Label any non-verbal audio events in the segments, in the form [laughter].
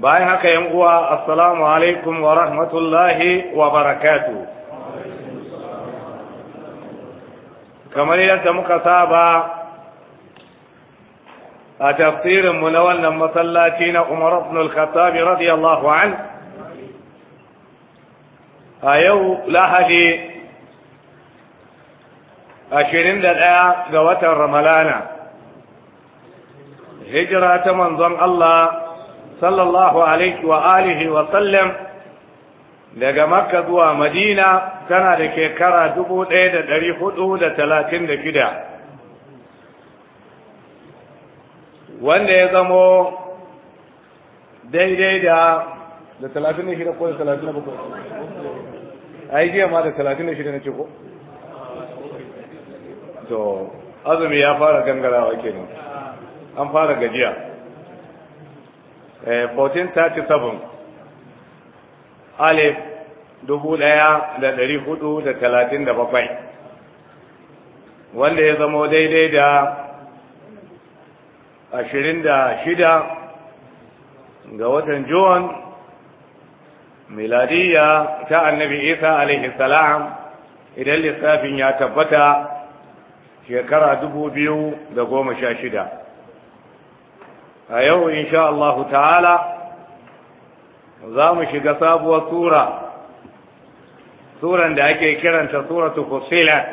bayan haka yan uwa assalamu alaikum wa rahmatullahi wa barakatu kamar yadda muka saba a tafsirinmu na wannan masallaci na umar ibn al-khattab radiyallahu an a yau lahadi ashirin da ɗaya ga watan ramalana hijira ta manzon Allah sallallahu alaihi wa alihi wa sallam daga makka zuwa madina tana da shekara dubu ɗaya da ɗari hudu da talatin da shida wanda ya zamo daidai da da talatin da shida ko da talatin da bakwai a yi jiya ma da talatin da shida na ce ko to azumi ya fara gangarawa kenan an fara gajiya 1437 eh, alif dubu ɗaya da ɗari hudu da talatin da bakwai wanda ya zamo daidai da ashirin da shida ga watan juwan miladiyya ta annabi isa alaihi salam idan lissafin ya tabbata shekara dubu biyu da goma sha shida a yau insha Allah ta'ala za mu shiga sabuwar sura suran da ake kiranta suratu fusilat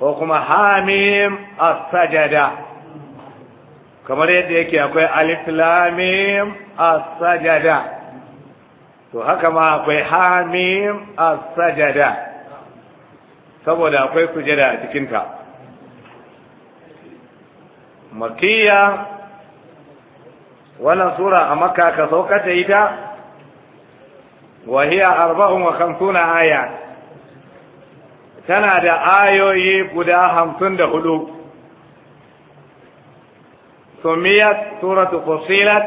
ko kuma hamim as-sajada kamar yadda yake akwai alif lamim as-sajada to haka ma akwai hamim as-sajada saboda akwai sujada a cikinta makiya wannan sura a makka ka saukata ita wa hiya arba'un wa khamsuna aya tana da ayoyi guda hamsin da hudu sumiyat suratu fusilat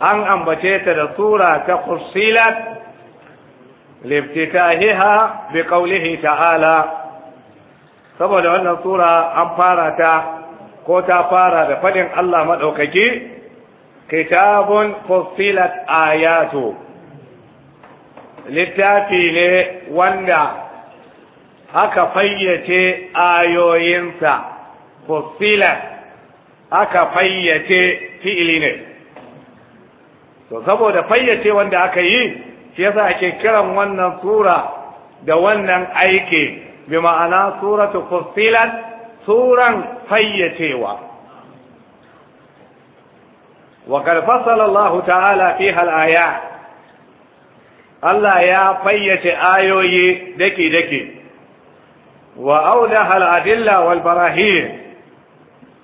an ambace ta da sura ta fusilat liftitahiha bi qawlihi ta'ala saboda wannan sura an fara ta ko ta fara da fadin Allah madaukaki kitabun fussilat ayatu littafi ne wanda aka fayyace ayoyinsa fussilat aka fayyace fi'ili ne to saboda fayyace wanda aka yi shi yasa ake kiran wannan sura da wannan aiki bi ma'ana suratu fussilat suran fayyacewa وقد فصل الله تعالى فيها الآيات Allah ya fayyace ayoyi dake-dake wa audaha al'adilla wal barahir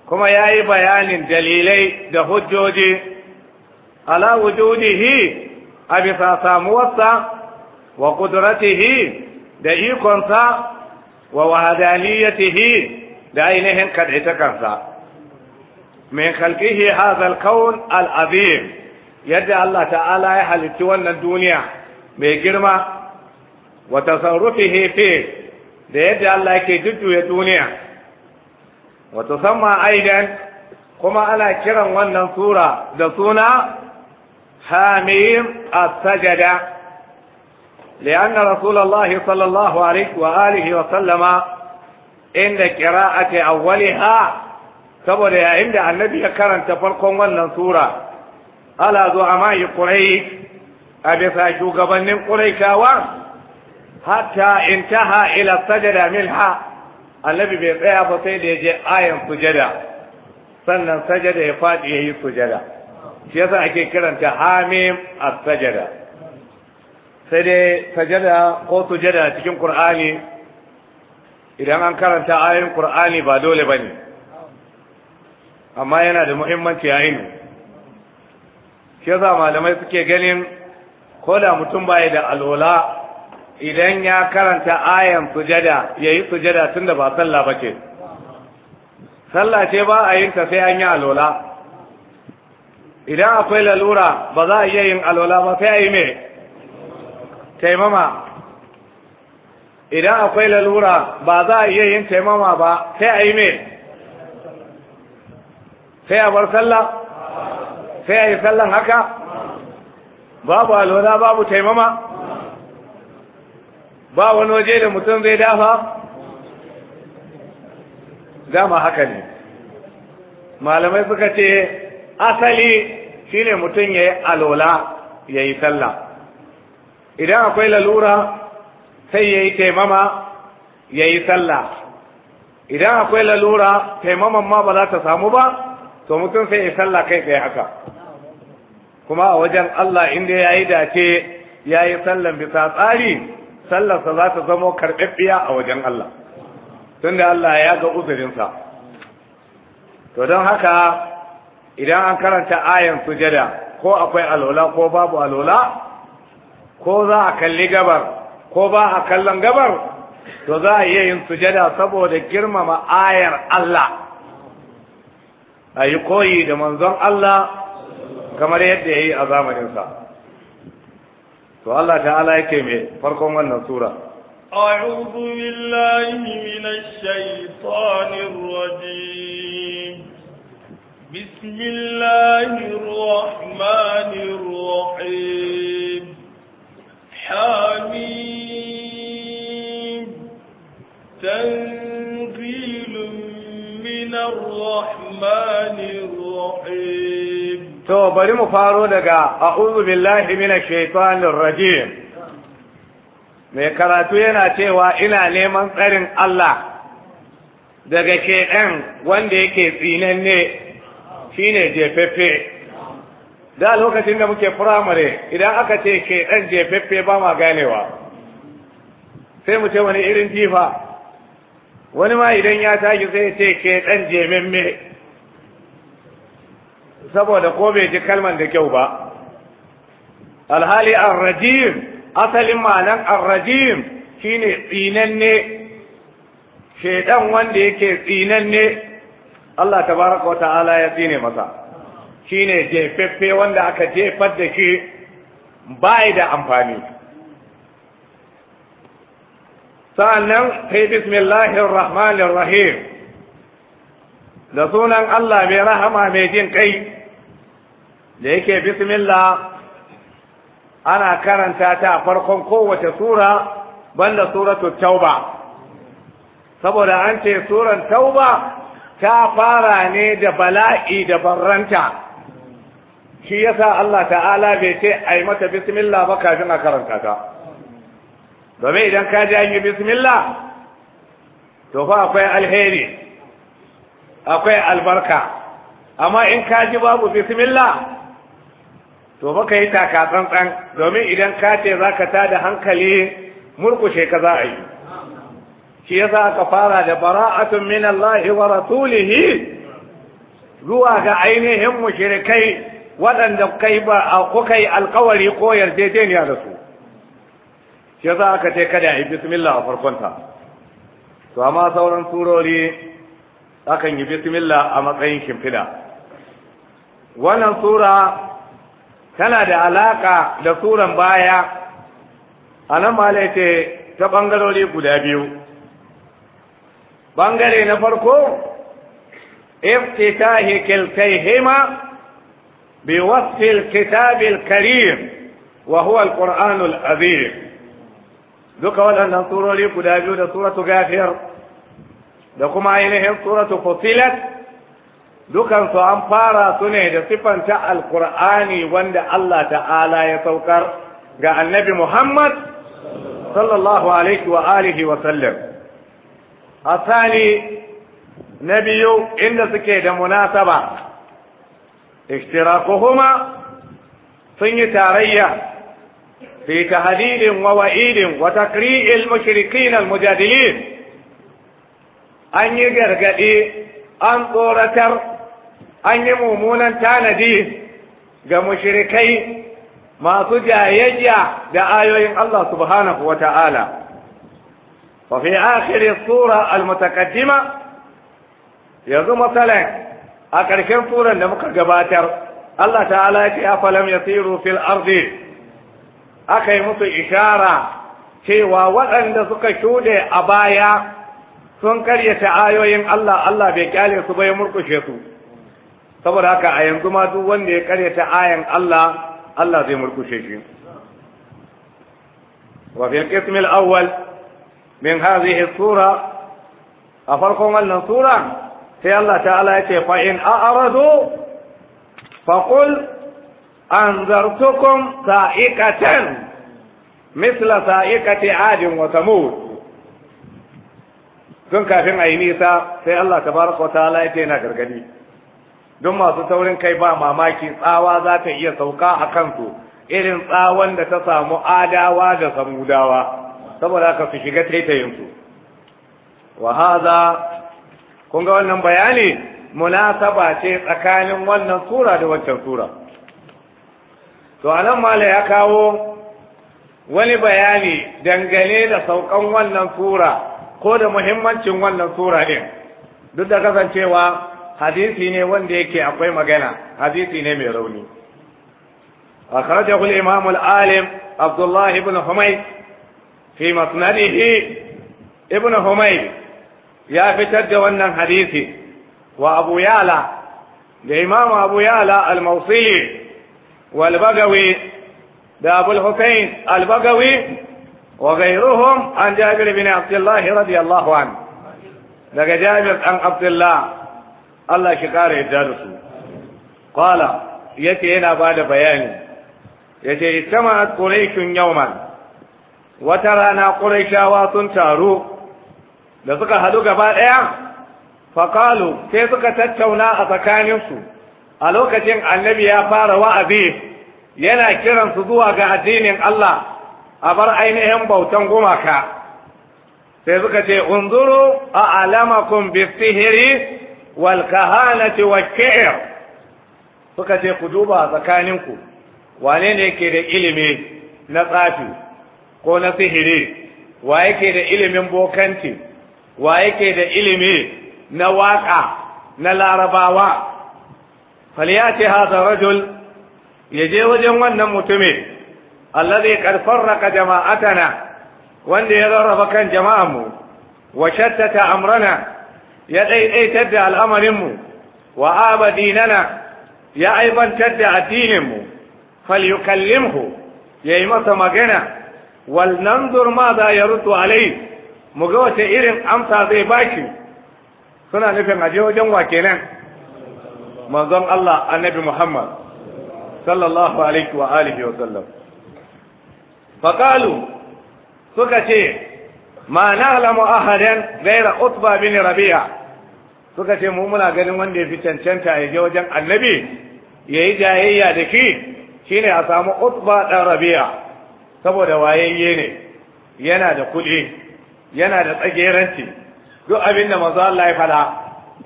kuma ya yi bayanin dalilai da hujjoji ala wujudihi a bisa samuwarsa wa ƙudurattihi da ikonsa wa wahadaniyatihi da ainihin kaɗaitakarsa. min khalqihi hadha al-kawn al-azim yadda Allah ta'ala ya halitti wannan duniya mai girma wa tasarrufihi fi da yadda Allah yake jujjuya duniya wa tusamma aidan kuma ana kiran wannan sura da suna hamim as-sajada لأن رسول الله صلى الله عليه وآله وسلم عند قراءة أولها saboda yayin da annabi ya karanta farkon wannan sura ala zo a mayi ƙurai a bisa shugabannin ƙuraikawa hatta intaha ila sajada milha annabi bai tsaya ba sai da ya je ayan sujada sannan sajada ya faɗi ya yi sujada shi yasa ake kiranta hamim a sajada sai dai sajada ko sujada cikin Kur'ani, idan an karanta ayoyin Kur'ani ba dole ba ne amma yana da muhimmanci ya ainu shi yasa malamai suke ganin ko da mutum baya da alola idan ya karanta ayan sujada ya yi sujada tun da ba sallah ba ce sallah ce ba a yin ta sai an yi alola idan akwai lalura ba za a iya yin alola ba sai a yi mai taimama idan akwai lalura ba za a iya yin taimama ba sai a yi mai sai a bar sallah sai a yi sallan haka babu alwala babu taimama ba wani waje da mutum zai dafa dama haka ne malamai suka ce asali shine mutum ya yi alwala ya yi sallah idan akwai lalura sai ya yi taimama ya yi sallah idan akwai lalura taimaman ma ba za ta samu ba to mutum sai ya sallah kai tsaye haka kuma a wajen Allah inda ya yi dace ya yi sallan bisa tsari sallarsa za ta zama karɓaɓɓiya a wajen Allah tunda Allah ya ga uzurinsa to don haka idan an karanta ayan sujada ko akwai alola ko babu alola ko za a kalli gabar ko ba a kallon gabar to za a iya yin sujada saboda girmama ayar Allah a yi koyi da manzon Allah kamar yadda ya yi a zamaninsa to Allah ta'ala yake mai farkon wannan sura أعوذ بالله من الشيطان الرجيم بسم الله الرحمن الرحيم حميم الرحمن الرحيم تو بري مفارو دغا اعوذ بالله من الشيطان الرجيم mai karatu yana cewa ina neman tsarin Allah daga she'an wanda yake tsinanne shine jefefe da lokacin da muke firamare idan aka ce she'an jefefe ba ma ganewa sai mu ce wani irin jifa wani ma idan ya tashi sai ce ke ɗan jememme saboda ko bai ji kalmar da kyau ba alhali arrajim asalin ma'anan arrajim shine tsinanne shedan wanda yake tsinanne Allah tabaraka wa ta'ala ya tsine masa shine jefeffe wanda aka jefar da shi bai da amfani sa'annan kai bismillahir rahmanir rahim da sunan Allah mai rahama mai jin kai da yake bismillah ana karanta ta a farkon kowace sura banda suratu tauba saboda an ce suran tauba ta fara ne da bala'i da barranta shi yasa Allah ta'ala bai ce ai mata bismillah ba kafin a karanta ta domin idan ka ji an yi bismillah to fa akwai alheri akwai albarka amma in ka ji babu bismillah to fa ka yi taka tsantsan domin idan ka ce za ka tada hankali murkushe ka za a yi shi yasa aka fara da bara'atun min Allah wa rasulihi zuwa ga ainihin mushrikai waɗanda kai ba a kuka yi alkawari ko yarjejeniya da su shi yasa aka ce kada yi bismillah a farkonta to amma sauran surori akan yi bismillah a matsayin kimfida wannan sura tana da alaka da suran baya a nan ma ta ɓangarori guda biyu ɓangare na farko افتتاح كلتيهما بوصف الكتاب الكريم وهو القرآن العظيم duka waɗannan surori guda biyu da suratu gafiyar da kuma ainihin suratu fusilat dukansu an fara su ne da siffanta alkur'ani wanda Allah ta'ala ya saukar ga annabi Muhammad sallallahu alaihi wa alihi wa sallam asali na biyu inda suke da munasaba ishtirakuhuma sun yi tarayya في تهديد ووئيد وتقريء المشركين المجادلين أن يقرقدي أن طورتر أن يمومونا تاندي كمشركي ما تجايجا دعايوين الله سبحانه وتعالى وفي آخر الصورة المتقدمة يزو مثلا أكركم صورة لمكة قباتر الله تعالى أفلم يطيروا في الأرض aka yi musu ishara cewa waɗanda suka shuɗe a baya sun karyata ayoyin Allah Allah bai kyale su bai murkushe su saboda haka a yanzu ma duk wanda ya karyata ayan Allah Allah zai murkushe shi wa fi al-qism al-awwal min hadhihi sura a farkon wannan sura sai Allah ta'ala ya ce fa in a'radu fa qul أنذرتكم صائقة مثل صائقة عاد وثمود tun kafin a yi nisa sai Allah ta baraka wa ta'ala ya yana gargadi don masu saurin kai ba mamaki tsawa za ta iya sauka a kansu irin tsawon da ta samu adawa da samudawa saboda haka su shiga taitayinsu wa haza kun ga wannan bayani munasaba ce tsakanin wannan sura da wancan sura to nan mala ya kawo wani bayani dangane da saukan wannan sura ko da muhimmancin wannan sura din duk da kasancewa hadisi ne wanda yake akwai magana hadisi ne mai rauni أخرجه الإمام العالم عبد الله بن حميد في مسنده ابن حميد يا فتد ون حديثي وأبو يعلى الإمام أبو al الموصلي والبقوي ده أبو الحسين البقوي وغيرهم عن جابر بن عبد الله رضي الله عنه ده جابر عن عبد الله الله شكار يجالسه قال يتي هنا بعد بيان يتي اجتمعت قريش يوما وترانا قريشاوا sun taru da suka hadu gaba ɗaya faƙalu sai suka tattauna a tsakaninsu a lokacin annabi ya fara wa'azi yana kiran su zuwa ga addinin Allah a bar ainihin bautan gumaka sai suka ce unzuru a alamakun bisihiri wal kahanati wakir suka ce ku duba tsakaninku wane ne ke da ilimi na tsafi ko na sihiri wa yake da ilimin bokanti wa yake da ilimi na waka na larabawa falyati hadha Ya je wajen wannan mutumin alladhi qad farraqa jama'atana wanda ya rarraba kan jama'an mu wa shattata amrana ya daidaitar da al'amarin mu wa abadinana ya aibantar da addinin mu falyukallimhu yayi masa magana wal nanzur ma za yaruddu alai mu ga wace irin amsa zai baki suna nufin aje wajen wa kenan manzon Allah annabi Muhammad sallallahu alaihi wa alihi wa sallam faqalu suka ce ma na'lamu ahadan ghayra utba bin rabi'a suka ce mu muna ganin wanda ya fi cancanta ya je wajen annabi yayi jayayya da ki shine a samu utba dan rabi'a saboda wayayye ne yana da kuɗi yana da tsageranci duk abin da manzo Allah ya fada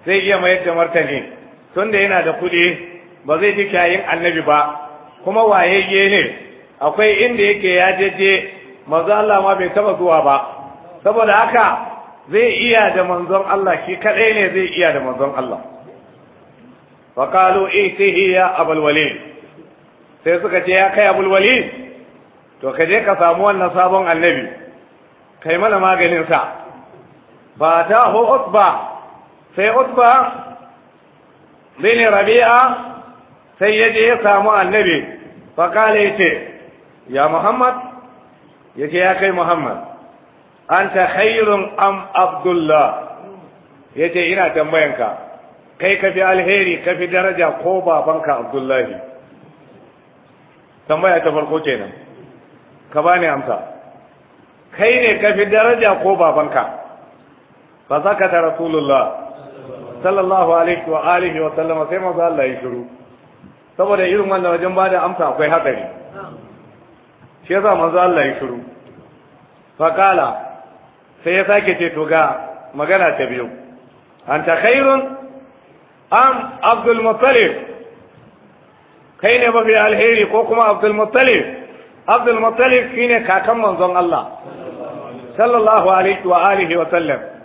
sai iya mayar da martani tunda yana da kuɗi ba zai ji kyayin annabi ba kuma waye wayayye ne akwai inda yake ya jeje manzon Allah ma bai taba zuwa ba saboda haka zai iya da manzon Allah shi kadai ne zai iya da manzon Allah fa qalu itihi ya abul walid sai suka ce ya kai abul walid to ka je ka samu wannan sabon annabi kai mana maganin sa fa ta hu utba sai utba bin rabi'a sai ya je ya samu annabi faƙala ya ce ya muhammad ya ce ya kai muhammad an ta khairun am abdullah ya ce ina tambayanka kai ka fi alheri ka fi daraja ko babanka abdullahi tambaya ta farko kenan ka bani amsa kai ne ka fi daraja ko babanka fa zakata rasulullah sallallahu alaihi wa alihi wa sallama sai manzo Allah ya shiru saboda irin wannan wajen bada amsa akwai hadari shi yasa manzo Allah ya shiru fa sai ya sake ce to ga magana ta biyu anta khairun am abdul muttalib kai ne mafi alheri ko kuma abdul muttalib abdul muttalib shine kakan manzon Allah sallallahu alaihi wa alihi wa sallam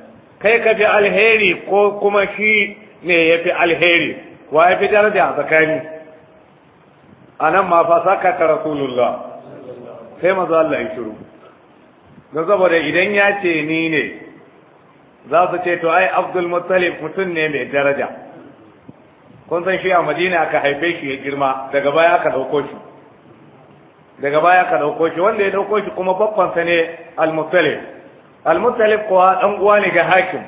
kai ka fi alheri ko kuma shi ne ya fi alheri wa ya fi daraja a tsakani a nan ma fa saka ka rasulullah sai mazu Allah ya shiru don saboda idan ya ce ni ne za su ce to ai abdul muttalib mutum ne mai daraja kun san shi a madina ka haife shi ya girma daga baya aka ɗauko shi daga baya ka dauko shi wanda ya ɗauko shi kuma babbansa ne al-muttalib al-muttalib kuwa dan uwa ne ga hakim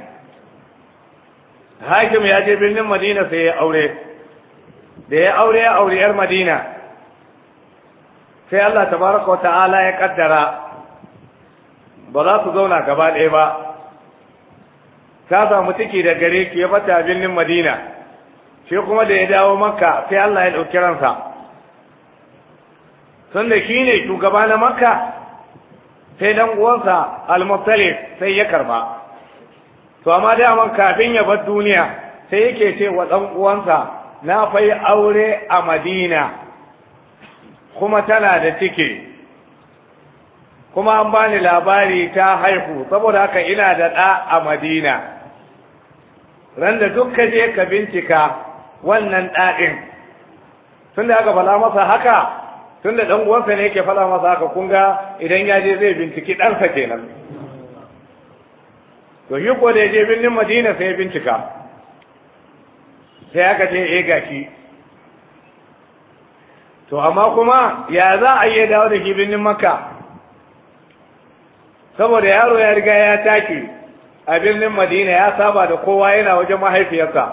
hakim ya je birnin madina sai ya aure da ya aure ya aure yar madina sai Allah tabaraka wa ta'ala ya kaddara ba za su zauna gaba ɗaya ba ta samu ciki da gare ki ya bata birnin madina shi kuma da ya dawo makka sai Allah ya ɗauki ransa tun da shi ne shugaba na makka sai dan uwansa al sai ya karba to amma daman kafin ya bar duniya sai yake ce wa dan uwansa na fai aure a madina kuma tana da ciki kuma an bani labari ta haihu saboda haka ina da ɗa a madina ran da duk ka je ka bincika wannan ɗaɗin tun da Bala masa haka tunda dan uwansa ne yake faɗa masa haka kun ga idan ya je zai binciki ɗansa kenan to yi ko da je birnin madina sai ya bincika sai aka ce eh gashi to amma kuma ya za a iya dawo da shi birnin makka saboda yaro ya riga ya taki a birnin madina ya saba da kowa yana wajen mahaifiyarsa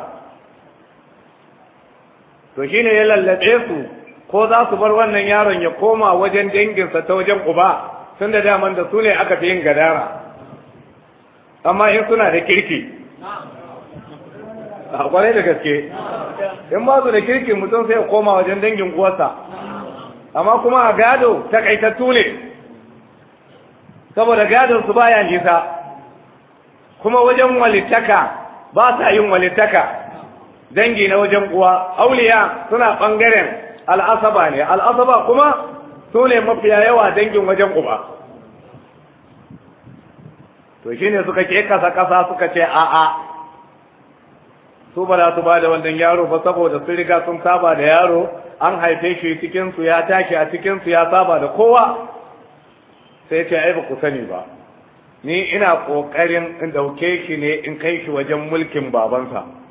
to shine ya lallabe su ko za su bar wannan yaron ya koma wajen danginsa ta wajen uba tun da daman da su ne aka fi yin gadara amma in suna da kirki a kwarai da gaske in ba su da kirki mutum sai ya koma wajen dangin uwarsa amma kuma a gado ta kaitattu ne saboda gadon su baya nisa kuma wajen walittaka ba sa yin walittaka dangi na wajen uwa auliya suna ɓangaren. al'asaba ne al'asaba kuma sune mafiya yawa dangin wajen uba to shine suka ke kasa kasa suka ce a'a su ba za su ba da wannan yaro ba saboda sun riga sun saba da yaro an haife shi cikin su ya tashi a cikin su ya saba da kowa sai ce ai ba ku sani ba ni ina kokarin in dauke shi ne in kai shi wajen mulkin babansa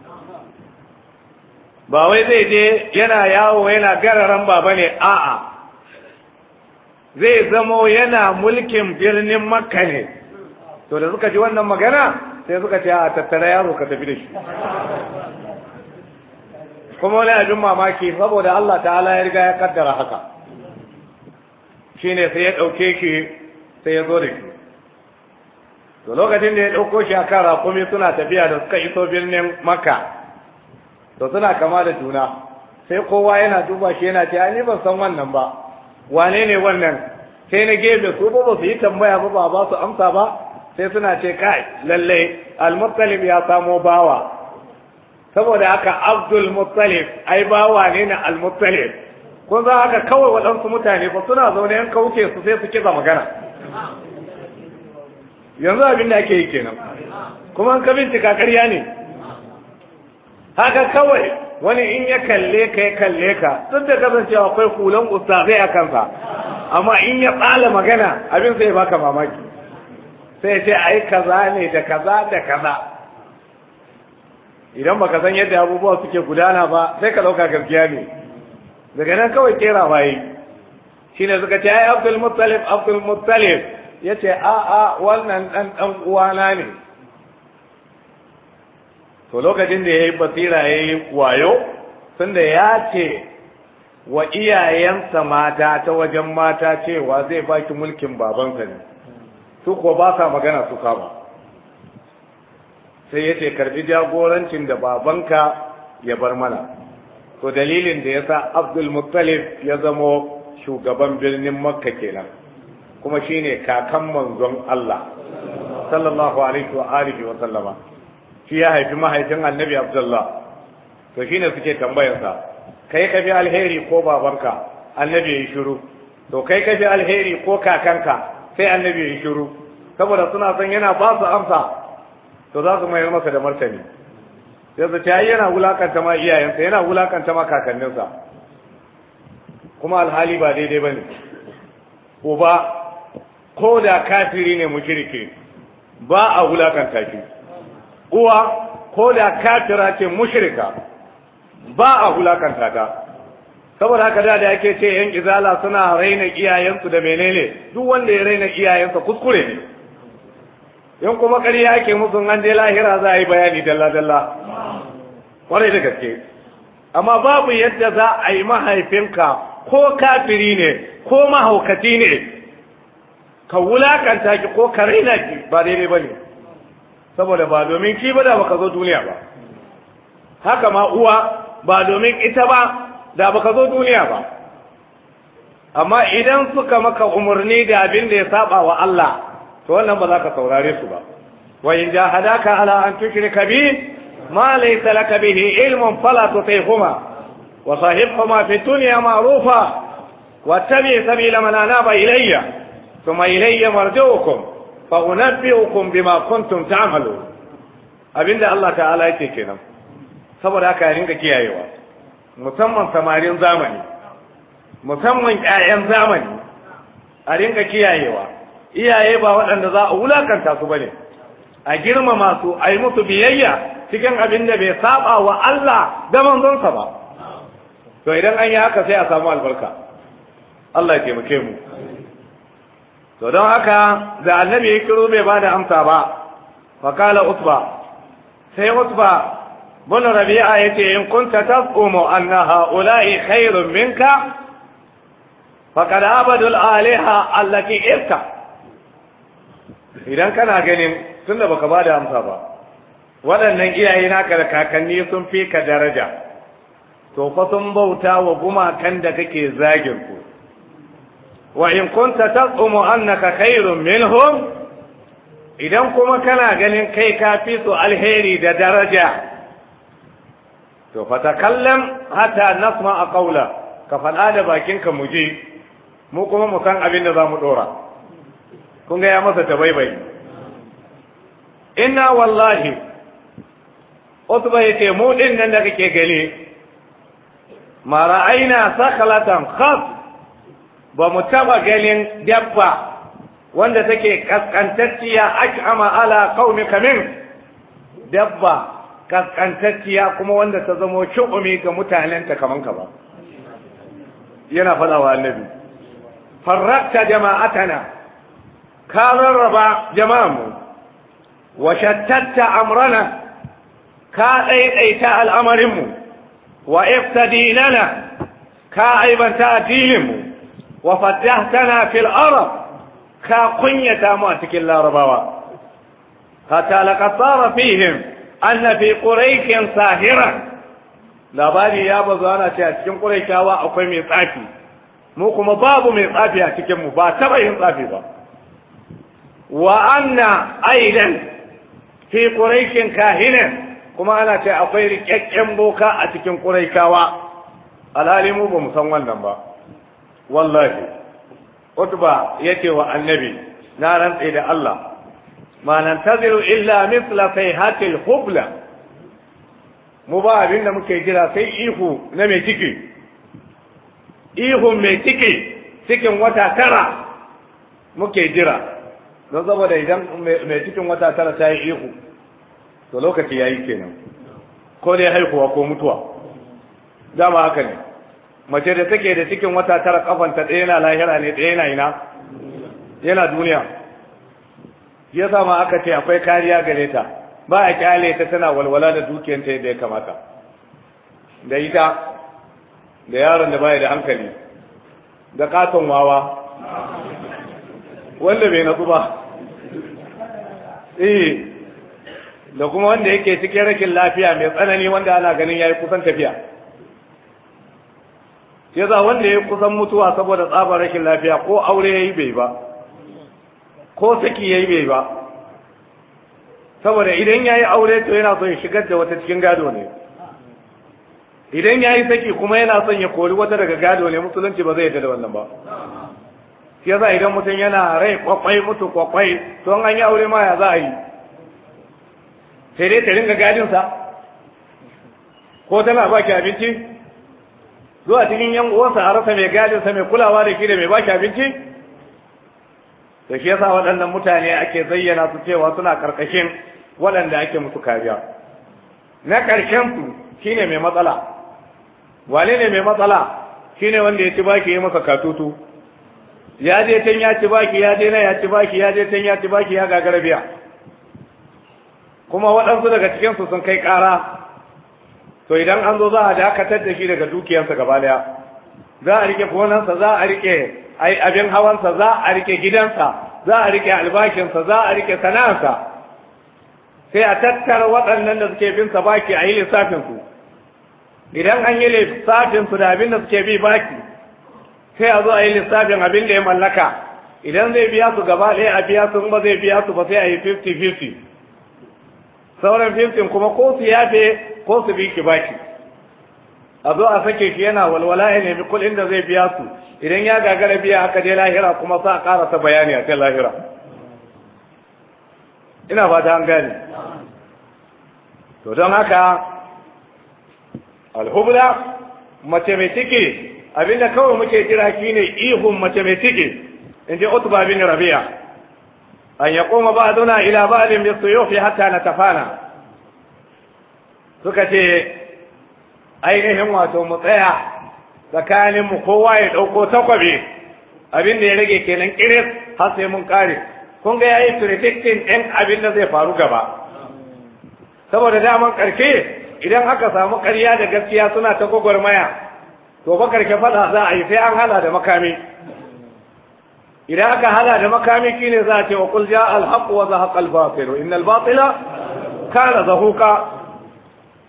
ba wai zai je yana yawo yana gararan ba bane a'a zai zamo yana mulkin birnin makka ne to da suka ji wannan magana sai suka ce a tattara yaro ka tafi da shi kuma wani abin mamaki saboda Allah ta'ala ya riga ya kaddara haka Shi ne sai ya ɗauke shi sai ya zo da shi. to lokacin da ya ɗauko shi a kan rakumi suna tafiya da suka iso birnin makka to suna kama da juna sai kowa yana duba shi yana ce ai ban san wannan ba wane ne wannan sai na gefe su ba su yi tambaya ba ba ba su amsa ba sai suna ce kai lalle al-muttalib ya samo bawa saboda haka abdul muttalib ai bawa ne na al-muttalib kun za haka kawai waɗansu mutane ba suna zaune yan kauke su sai su kiza magana yanzu abin da ake yi kenan kuma an ka bincika ƙarya ne haka kawai wani in ya kalle ka ya kalle ka duk da kasancewa akwai kulan ustazai a kansa amma in ya tsala magana abin sai baka mamaki sai ce ai kaza ne da kaza da kaza idan baka san yadda abubuwa suke gudana ba sai ka ɗauka gaskiya ne daga nan kawai kera bayi ne suka ce ai abdul Muttalif abdul muttalib yace a a wannan ɗan ɗan uwana ne to lokacin da ya yi basira ya yi wayo da ya ce wa iyayensa mata ta wajen mata cewa zai baki mulkin babanka ne su kuwa ba sa magana su kama sai ya ce karbi jagorancin da babanka ya bar mana to dalilin da ya sa abdul Muttalif ya zamo shugaban birnin makka kenan kuma shine kakan manzon allah sallallahu alaihi wa alihi wa sallama shi ya haifi mahaifin annabi abdullah to shine suke tambayarsa kai ka fi alheri ko babanka annabi ya yi shiru to kai ka fi alheri ko kakanka sai annabi ya yi shiru saboda suna son yana ba su amsa to za su mayar masa da martani Yanzu ta yi yana wulakanta ma iyayensa yana wulakanta ma kakanninsa kuma alhali ba daidai ba ne uba ko da kafiri ne mushriki ba a wulakanta shi uwa ko da kafira ce mushrika ba a hulakanta ta saboda haka da da yake ce yan izala suna raina iyayensu da menene duk wanda ya raina iyayensa kuskure ne yan kuma ƙarya yake musu an dai lahira za a yi bayani dalla dalla kwarai da gaske amma babu yadda za a yi mahaifinka ko kafiri ne ko mahaukaci ne ka wulakanta ki ko ka raina ki ba daidai ba ne saboda ba domin ki ba da baka zo duniya ba haka ma uwa ba domin ita ba da baka zo duniya ba amma idan suka maka umarni da abin da ya saba wa Allah to wannan ba za ka saurare su ba wa in jahadaka ala an tushrika bi ma laysa laka bihi ilmun fala tutihuma wa sahibhuma fi dunya ma'rufa tabi sabila man anaba ilayya thumma ilayya marji'ukum fa unabbi'ukum bima kuntum ta'malu abinda Allah ta'ala yake kenan saboda haka ya ringa kiyayewa musamman samarin zamani musamman ƴaƴan zamani a ringa kiyayewa iyaye ba waɗanda za a wulakanta su bane a girma masu a yi musu biyayya cikin abin da bai saba wa Allah da manzonsa ba to idan an yi haka sai a samu albarka Allah ya taimake mu to don haka da annabi ya kiro bai ba da amsa ba fa kala utba sai utba bin rabi'a yace in kunta taqumu anna haula'i khairun minka faqad abadu al-aliha allati irka idan kana ganin tunda baka ba da amsa ba waɗannan iyaye naka da kakanni sun fi ka daraja to fa sun bauta wa gumakan da kake zagin ku wa in kunta tazumu annaka khairun minhum idan kuma kana ganin kai ka fi su alheri da daraja to fatakallam hatta nasma a qawla ka faɗa da bakinka ka muje, mu kuma mu san abin da za mu ɗora kun ga ya masa tabaibai inna wallahi utba yace mu din da kake gani mara aina sakalatan khas ba mu taba ganin dabba wanda take kaskantacciya akama ala qaumi min dabba kaskantacciya kuma wanda ta zamo shu'umi ga mutanenta kaman ka ba yana faɗa wa annabi farrakta jama'atana ka rarraba jama'anmu wa shattatta amrana ka ɗaiɗaita al'amarinmu wa iftadinana ka aibanta addininmu wa fatahna fil arab ka kunyata mu a cikin larabawa Ka laqad tsara fihim anna fi quraishin sahira labari ya bazu ana ce a cikin quraishawa akwai mai tsafi mu kuma babu mai tsafi a cikin mu ba taba yin tsafi ba wa anna aidan fi quraishin kahinan kuma ana ce akwai rikakken boka a cikin quraishawa alhali mu ba mu san wannan ba wallahi utba yake wa annabi na rantse da Allah ma nantaziru illa mithla hatil hubla mu ba abin da muke jira sai ihu na mai ciki Ihu mai ciki cikin wata tara muke jira don saboda idan mai cikin wata tara ta yi ihu to lokaci ya yi kenan ko dai haihuwa ko mutuwa dama haka ne mace da take da cikin wata tara kafanta ɗaya na lahira ne ɗaya na ina yana duniya ya sama aka ce akwai kariya gare ta ba a kyale ta tana walwala da dukiyanta yadda ya kamata da ita da yaron da baya da hankali da katon wawa wanda bai natsu ba eh da kuma wanda yake cikin rakin lafiya mai tsanani wanda ana ganin ya yi kusan tafiya ya za wanda ya kusan mutuwa saboda tsabar rashin lafiya ko aure ya yi bai ba ko saki ya yi bai ba saboda idan ya yi aure to yana son ya shigar da wata cikin gado ne idan ya yi saki kuma yana son ya kori wata daga gado ne musulunci ba zai yarda da wannan ba ya za idan mutum yana rai kwakwai mutu kwakwai to an yi aure ma ya za a yi sai dai ta ringa gadinsa ko tana baki abinci zuwa cikin yan uwansa a rasa mai gadinsa mai kulawa da shi da mai bashi abinci da shi yasa waɗannan mutane ake zayyana su cewa suna karkashin waɗanda ake musu kariya na ƙarshen su shine mai matsala wane ne mai matsala shine wanda ya ci baki ya masa katutu ya je can ya ci baki ya je na ya ci baki ya je can ya ci baki ya gagara biya kuma waɗansu daga cikinsu sun kai ƙara to idan an zo za a dakatar da shi daga dukiyarsa gaba daya za a rike gonansa za a rike abin hawansa za a rike gidansa za a rike albashinsa za a rike sana'arsa sai a tattara waɗannan da suke bin sa baki a yi lissafin su idan an yi lissafin su da abin da suke bi baki sai a zo a yi lissafin abin da ya mallaka idan zai biya su gaba ɗaya a biya su ba zai biya su ba sai a yi 50-50 sauran 50 kuma ko su yafe ko su bi ki baki a zo a sake shi yana walwala ya nemi kuɗin da zai biya su idan ya gagara biya aka je lahira kuma sa a ta bayani a kan lahira ina fata an gane to don haka alhubla mace mai ciki abinda kawai muke jira ne ihun mace mai ciki in ji utba bin rabiya an ya koma ba'duna ila ba'din bi suyufi hatta tafana. suka ce ainihin wato mu tsaya tsakanin mu kowa ya ɗauko takwabe abin da ya rage kenan kiris har sai mun kare kun ga yayi predicting ɗin abin da zai faru gaba saboda daman ƙarfe idan aka samu ƙarya da gaskiya suna ta gwagwarmaya to ba ƙarfe faɗa za a yi sai an hala da makami idan aka hala da makami shine za a ce wa qul ja'a al-haqq wa zahaqa al-batil batila kana zahuka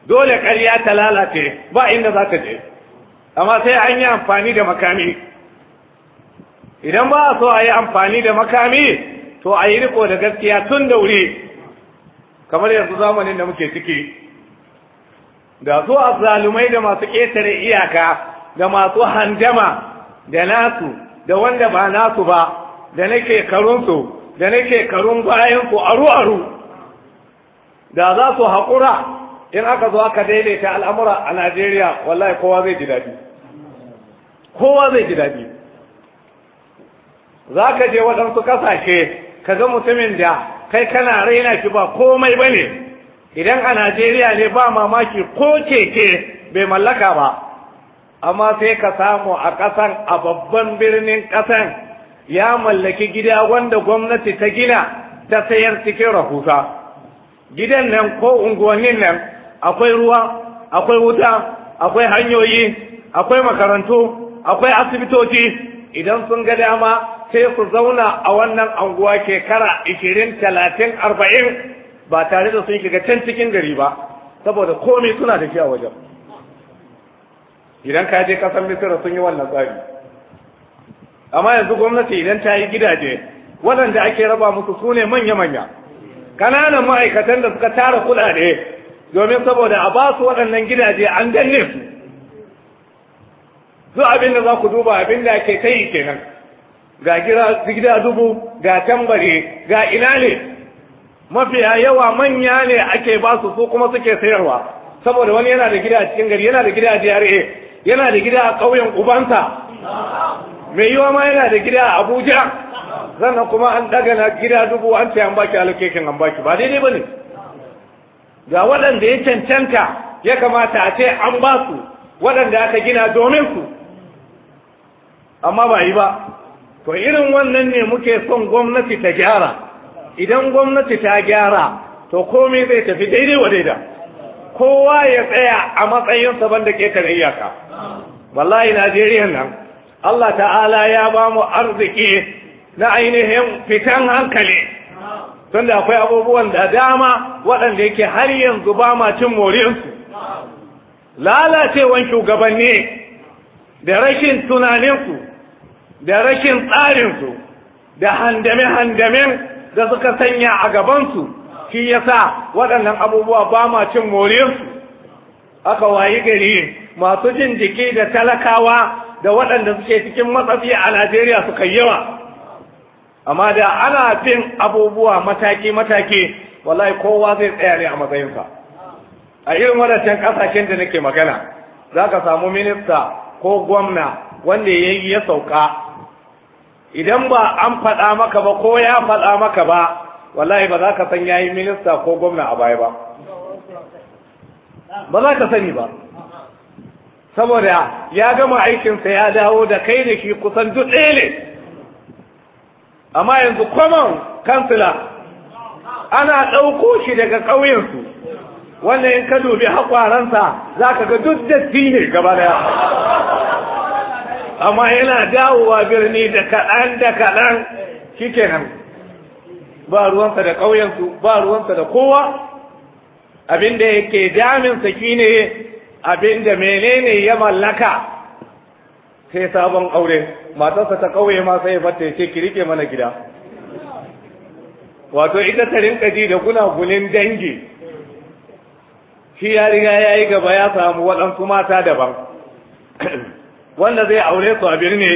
dole ƙarya ta lalace ba inda za ta je amma sai an yi amfani da makami idan ba a so a yi amfani da makami to a yi riko da gaskiya tun da wuri kamar yanzu zamanin da muke ciki da su azzalumai da masu ƙetare iyaka da masu handama da nasu da wanda ba nasu ba da nake karunsu da nake karun bayansu aru-aru da za su haƙura in aka zo aka daidaita al'amura a Najeriya wallahi kowa zai ji daɗi kowa zai ji daɗi za ka je waɗansu ƙasashe ka ga mutumin da kai kana raina shi ba komai ba ne idan a Najeriya ne ba mamaki ko keke bai mallaka ba amma sai ka samu a ƙasan a babban birnin ƙasan ya mallaki gida wanda gwamnati ta gina ta sayar cikin rahusa gidan nan ko unguwannin nan akwai ruwa akwai wuta akwai hanyoyi akwai makarantu akwai asibitoci idan sun ga dama sai su zauna a wannan anguwa shekara ishirin talatin arba'in ba tare da sun shiga can cikin gari ba saboda komai suna da shi a wajen idan ka je kasan misira sun yi wannan tsari amma yanzu gwamnati idan ta yi gidaje waɗanda ake raba musu su ne manya-manya kananan ma'aikatan da suka tara kuɗaɗe domin saboda a ba su waɗannan gidaje an danne su abin da za ku duba abin da ke kai kenan ga gida dubu ga tambari ga ina ne mafiya yawa manya ne ake ba su su kuma suke sayarwa saboda wani yana da gida a cikin gari yana da gida a GRA yana da gida a ƙauyen ubansa mai yiwa ma yana da gida a Abuja zan kuma an daga gida dubu an ce an baki allocation an baki ba daidai ba ne ga waɗanda ya cancanta ya kamata a ce an ba su waɗanda aka gina domin su amma ba yi ba to irin wannan ne muke son gwamnati ta gyara idan gwamnati ta gyara to komai zai tafi daidai wa daida kowa ya tsaya a matsayinsa banda ƙetare iyaka wallahi najeriya nan Allah ta'ala ya ba mu arziki na ainihin fitan hankali don akwai abubuwan da dama waɗanda yake har yanzu ba ma cin moriyarsu lalacewan shugabanni da rashin tunaninsu da rashin tsarinsu da handame-handamen da suka sanya a gabansu shi ya sa waɗannan abubuwa ba ma cin moriyarsu aka wayi gari masu jin jiki da talakawa da waɗanda suke cikin matsafi a najeriya suka yawa amma da ana bin abubuwa mataki-mataki wallahi kowa zai tsaya ne a matsayinsa a irin wadancan kasashen da nake magana za ka samu minista ko gwamna wanda ya yi ya sauka idan ba an faɗa maka ba ko ya faɗa maka ba wallahi ba za ka san ya minista ko gwamna a baya ba ba za ka sani ba saboda ya gama aikinsa ya dawo da kai da shi kusan duk ɗaya amma yanzu common kansila ana ɗauko shi daga ƙauyensu wannan in ka dubi haƙwaransa za ka ga duk da ne gaba daya amma yana dawowa birni da kaɗan da kaɗan nan ba ruwansa da ƙauyensu ba ruwansa da kowa abin da yake daminsa shine abin da menene ya mallaka sai sabon aure matarsa ta kauye ma sai ya fata ce ki rike mana gida wato ita ta rinka ji da gunagunin dangi shi ya riga ya yi gaba ya samu waɗansu mata daban [clears throat] wanda zai aure su a birni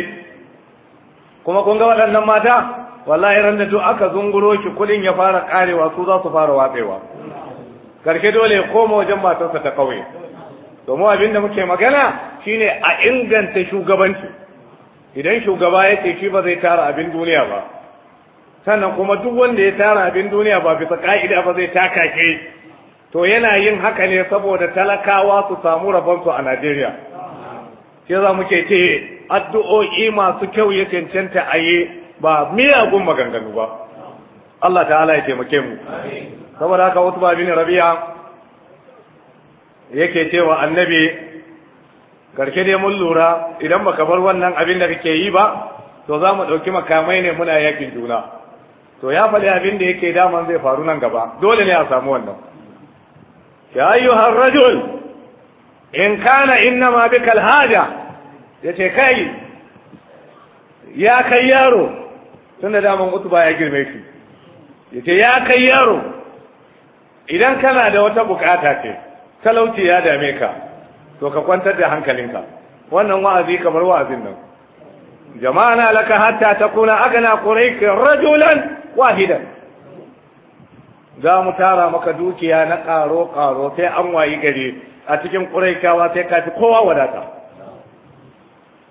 kuma kun ga waɗannan mata wallahi ran da duk aka zunguro ki kuɗin ya fara karewa su za su fara watsewa karshe dole ya koma wajen matarsa ta kauye domin abin da muke magana shine a inganta shugabanci idan shugaba ya ce shi ba zai tara abin duniya ba sannan kuma duk wanda ya tara abin duniya ba bisa ka'ida ba zai taka ke to yana yin haka ne saboda talakawa su samu rabonsu a Najeriya shi za ke ce addu'o'i masu kyau ya cancanta a yi ba miyagun maganganu ba Allah ta'ala ya taimake mu saboda haka wasu babin rabiya yake cewa annabi karshe dai mun lura idan baka bar wannan abin da kake yi ba to za mu ɗauki makamai ne muna yakin juna to ya faɗi abin da yake daman zai faru nan gaba dole ne a samu wannan ya ayyuhar rajul in kana innama bika alhaja yace kai ya kai yaro tunda daman utuba ya girme shi yace ya kai yaro idan kana da wata bukata ce talauci ya dame ka to ka kwantar da hankalinka wannan wa'azi kamar wa'azin nan jama'ana laka hatta takuna agna quraik rajulan wahidan za mu tara maka dukiya na karo karo sai an wayi gari a cikin quraikawa sai ka fi kowa wadata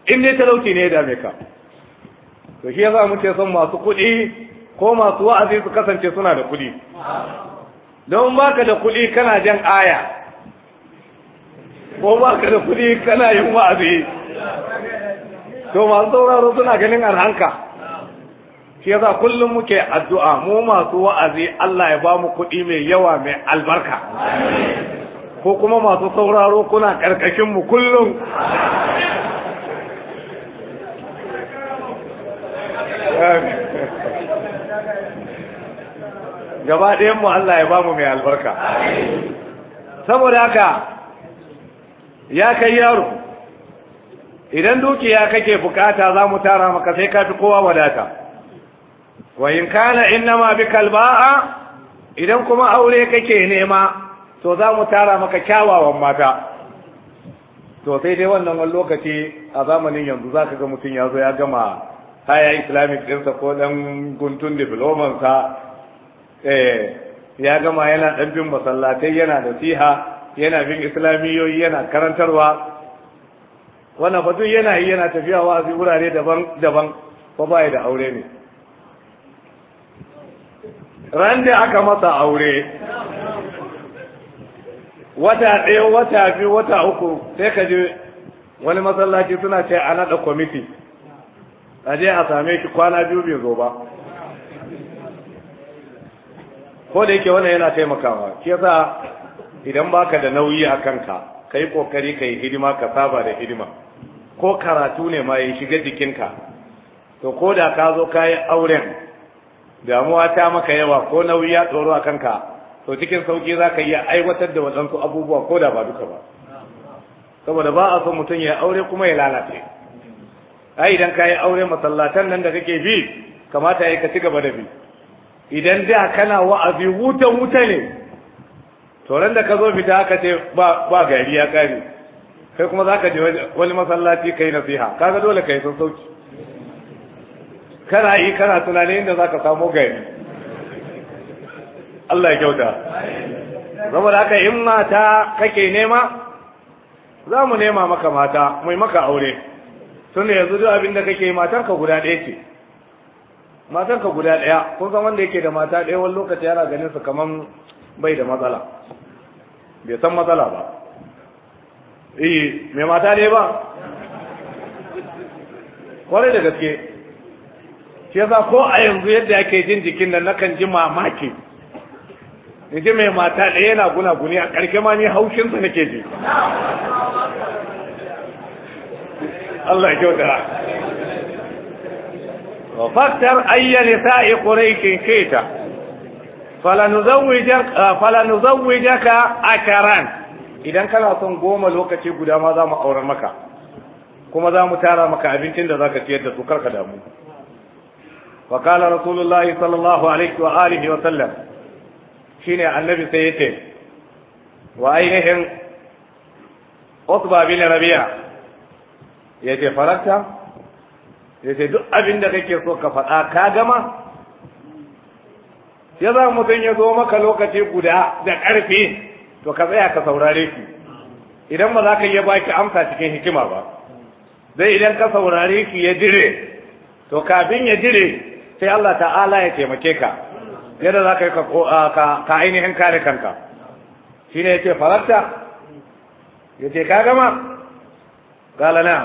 in ne talauci ne da ka to shi yasa muke son masu kuɗi ko masu wa'azi su kasance suna da kuɗi don baka da kuɗi kana jan aya ko ba ka da kuɗi kana yin wa'azi to masu sauraro suna ganin arhanka shi yasa kullum muke addu'a mu masu wa'azi Allah ya ba mu kuɗi mai yawa mai albarka ko kuma masu sauraro kuna karkashin mu kullum gaba ɗayan mu Allah ya ba mu mai albarka saboda haka ya kai yaro idan dukiya kake bukata za mu tara maka sai ka fi kowa wadata wa in kana innama bikal ba'a idan kuma aure kake nema to za mu tara maka kyawawan mata to sai dai wannan wani lokaci a zamanin yanzu za ka ga mutum ya zo ya gama haya islamic ɗinsa ko ɗan guntun diplomansa eh ya gama yana ɗan bin masallatai yana da siha yana bin islamiyoyi yana karantarwa wannan fa duk yana yi yana tafiya wa wa'azi wurare daban-daban ko ba da aure ne ran da aka masa aure wata ɗaya wata biyu wata uku sai ka je wani masallaci suna ce a naɗa kwamiti a je a same ki kwana biyu bai zo ba ko da yake wannan yana taimakawa ke sa. idan baka da nauyi a kanka ka yi ƙoƙari ka hidima ka saba da hidima ko karatu ne ma ya shiga jikinka to ko da ka zo ka yi auren damuwa ta maka yawa ko nauyi ya tsoro a kanka to cikin sauƙi za ka iya aiwatar da waɗansu abubuwa ko da ba duka ba saboda ba a son mutum ya aure kuma ya lalace ai idan ka yi aure masallatan nan da kake bi kamata ya ka ci gaba da bi idan da kana wa'azi wutan wuta ne ran da ka zo fita aka ce ba gari ya kare kai kuma za ka je wani masallaci kai nasiha kaga dole kai sun sauki kana yi kana tunanin inda za ka samo gari Allah ya kyauta saboda haka in mata kake nema za mu nema maka mata mai maka aure tunda yanzu duk abin da kake matanka guda ɗaya ce matanka guda ɗaya kun san wanda yake da mata ɗaya wani lokaci yana ganin su kaman bai da matsala bai san matsala ba eh mai mata ne ba kwarai da gaske shi yasa ko a yanzu yadda ake jin jikin nan nakan ji mamaki in ji mai mata ɗaya yana gunaguni a ƙarshe ma ni haushinsa nake ji Allah ya kyauta faktar ayyana sa'i ƙuraikin keta falanuzawwijaka akaran idan kana son goma lokaci guda ma za mu aurar maka kuma za mu tara maka abincin da za ka ciyar da su karka damu wa kala rasulullahi sallallahu alaihi wa alihi wa sallam shine annabi sai ya ce, wa ainihin Utba bin Rabi'a yace ya ce duk abin da kake so ka faɗa ka gama ya za mutum ya zo maka lokaci guda da ƙarfi to ka tsaya ka saurare shi idan ba za ka iya baki amsa cikin hikima ba zai idan ka saurare shi ya dire to kafin ya dire sai Allah ta'ala ya taimake ka yadda za ka yi ka ainihin kare kanka shi ne ya ce faranta ya ce ka gama gala na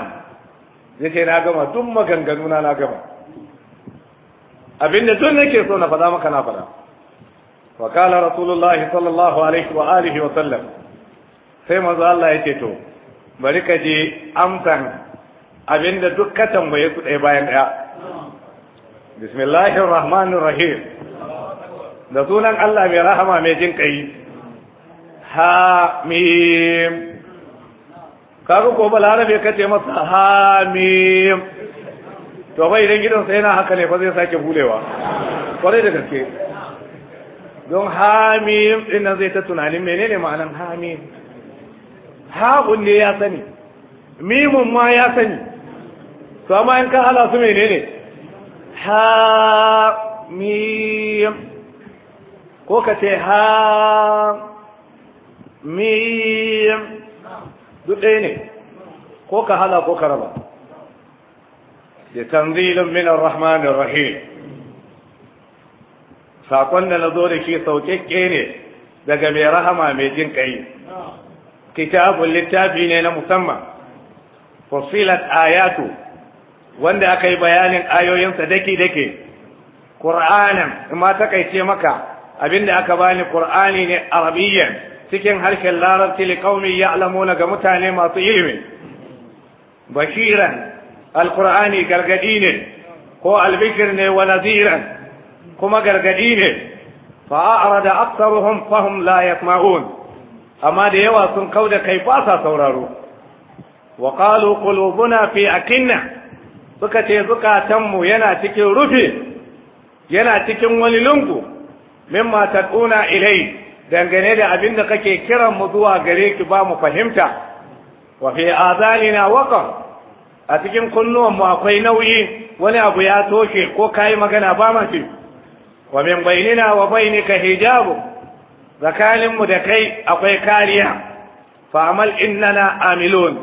ya ce na gama duk maganganu na na gama abinda duk nake so na faɗa maka na faɗa وقال رسول الله صلى الله عليه وآله وسلم sai maza Allah ya ce to bari ka je amsan abinda duk ka tambaye su ɗaya bayan ɗaya bismillahir rahmanir rahim da sunan Allah mai rahama mai jin kai ha mim ga ko balarabe ka ce masa ha mim to bai idan sai yana haka ne fa zai sake bulewa kwarai da gaske don hamim din nan zai ta tunanin menene ma'anan hamim Ha ne ya sani mimun ma ya sani to amma in ka hala su menene hamim ko ka ce hamim duk ɗaya ne ko ka hala ko ka raba da tanzilin minar rahmanir rahim sakon da na zo da shi sauƙaƙƙe ne daga mai rahama mai jin ƙai kitabun littafi ne na musamman fusilat ayatu wanda aka yi bayanin ayoyinsa dake-dake ƙur'anin ma takaice maka abinda aka bani ƙur'ani ne arabiyyan cikin harshen larabci liƙaumi ya alamuna ga mutane masu ilimi bashiran alƙur'ani gargadi ne ko albishir ne wa naziran kuma gargadi ne fa a'rada aktsaruhum fahum la yasma'un amma da yawa sun kauda kai ba sa sauraro wa qalu qulubuna fi akinna suka ce zukatanmu yana cikin rufe yana cikin wani lungu mimma tad'una ilai dangane da abin da kake kiran mu zuwa gare ki ba mu fahimta wa fi adanina waqan a cikin kunnuwan mu akwai nauyi wani abu ya toshe ko kayi magana ba ma ce wa min bainina wa bainika hijabu mu da kai akwai kariya fa'amal innana amilun